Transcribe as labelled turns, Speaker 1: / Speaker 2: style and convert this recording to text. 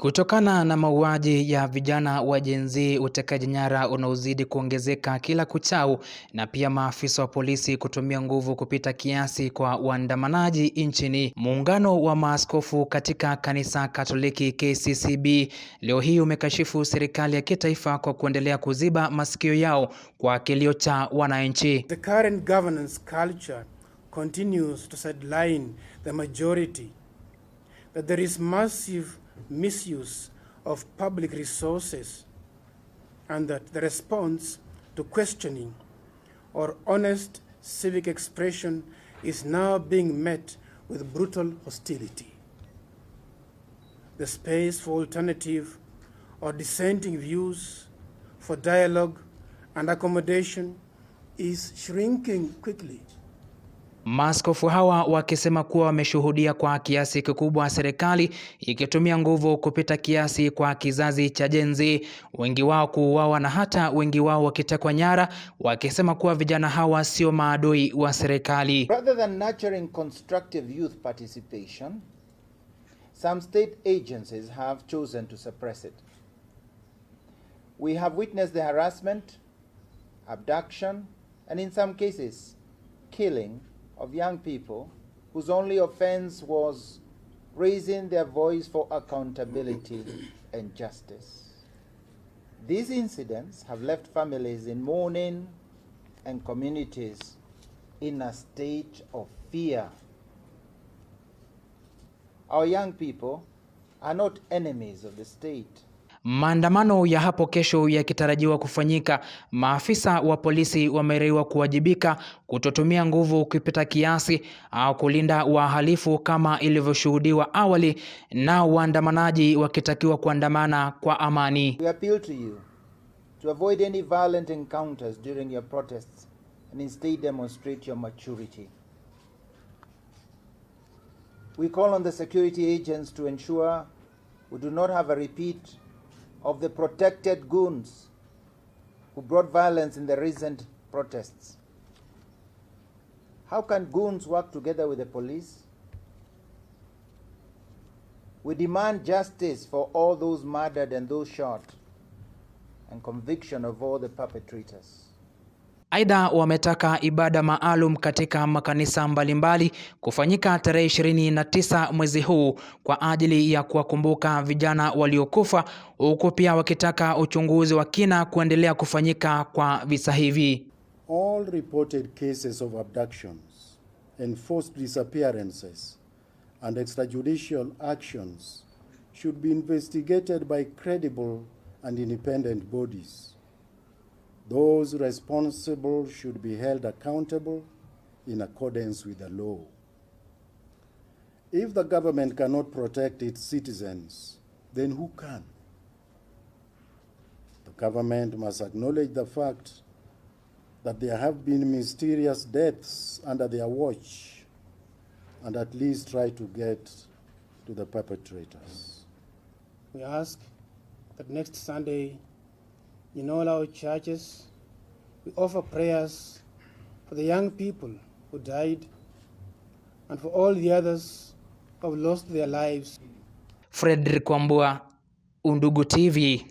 Speaker 1: Kutokana na mauaji ya vijana wa Gen Z, utekaji nyara unaozidi kuongezeka kila kuchao, na pia maafisa wa polisi kutumia nguvu kupita kiasi kwa waandamanaji nchini, muungano wa maaskofu katika kanisa Katoliki KCCB leo hii umekashifu serikali ya kitaifa kwa kuendelea kuziba masikio yao kwa kilio cha wananchi.
Speaker 2: The current governance culture continues to sideline the majority that there is massive misuse of public resources, and that the response to questioning or honest civic expression is now being met with brutal hostility. The space for alternative or dissenting views, for dialogue and accommodation is shrinking quickly.
Speaker 1: Maaskofu hawa wakisema kuwa wameshuhudia kwa kiasi kikubwa serikali ikitumia nguvu kupita kiasi kwa kizazi cha Gen Z, wengi wao kuuawa na hata wengi wao wakitekwa nyara, wakisema kuwa vijana hawa sio maadui wa serikali.
Speaker 2: Rather than nurturing constructive youth participation, some state agencies have chosen to suppress it. We have witnessed the harassment, abduction, and in some cases, killing of young people whose only offense was raising their voice for accountability and justice. These incidents have left families in mourning and communities in a state of fear. Our young people are not enemies of the state.
Speaker 1: Maandamano ya hapo kesho yakitarajiwa kufanyika, maafisa wa polisi wameriwa kuwajibika kutotumia nguvu kupita kiasi au kulinda wahalifu kama ilivyoshuhudiwa awali, na waandamanaji wakitakiwa kuandamana kwa amani.
Speaker 2: We appeal to you to avoid any violent encounters during your protests and instead demonstrate your maturity. We call on the security agents to ensure we do not have a repeat of the protected goons who brought violence in the recent protests. How can goons work together with the police? We demand justice for all those murdered and those shot, and conviction of all the perpetrators.
Speaker 1: Aidha, wametaka ibada maalum katika makanisa mbalimbali kufanyika tarehe 29 mwezi huu kwa ajili ya kuwakumbuka vijana waliokufa, huku pia wakitaka uchunguzi wa kina kuendelea kufanyika kwa visa hivi.
Speaker 2: All reported cases of abductions and forced disappearances and extrajudicial actions should be investigated by credible and independent bodies. Those responsible should be held accountable in accordance with the law. If the government cannot protect its citizens, then who can? The government must acknowledge the fact that there have been mysterious deaths under their watch and at least try to get to the perpetrators. We ask that next Sunday, in all our churches. We offer prayers for the young people who died and for all the others who have lost their lives.
Speaker 1: Frederick Wambua, Undugu TV.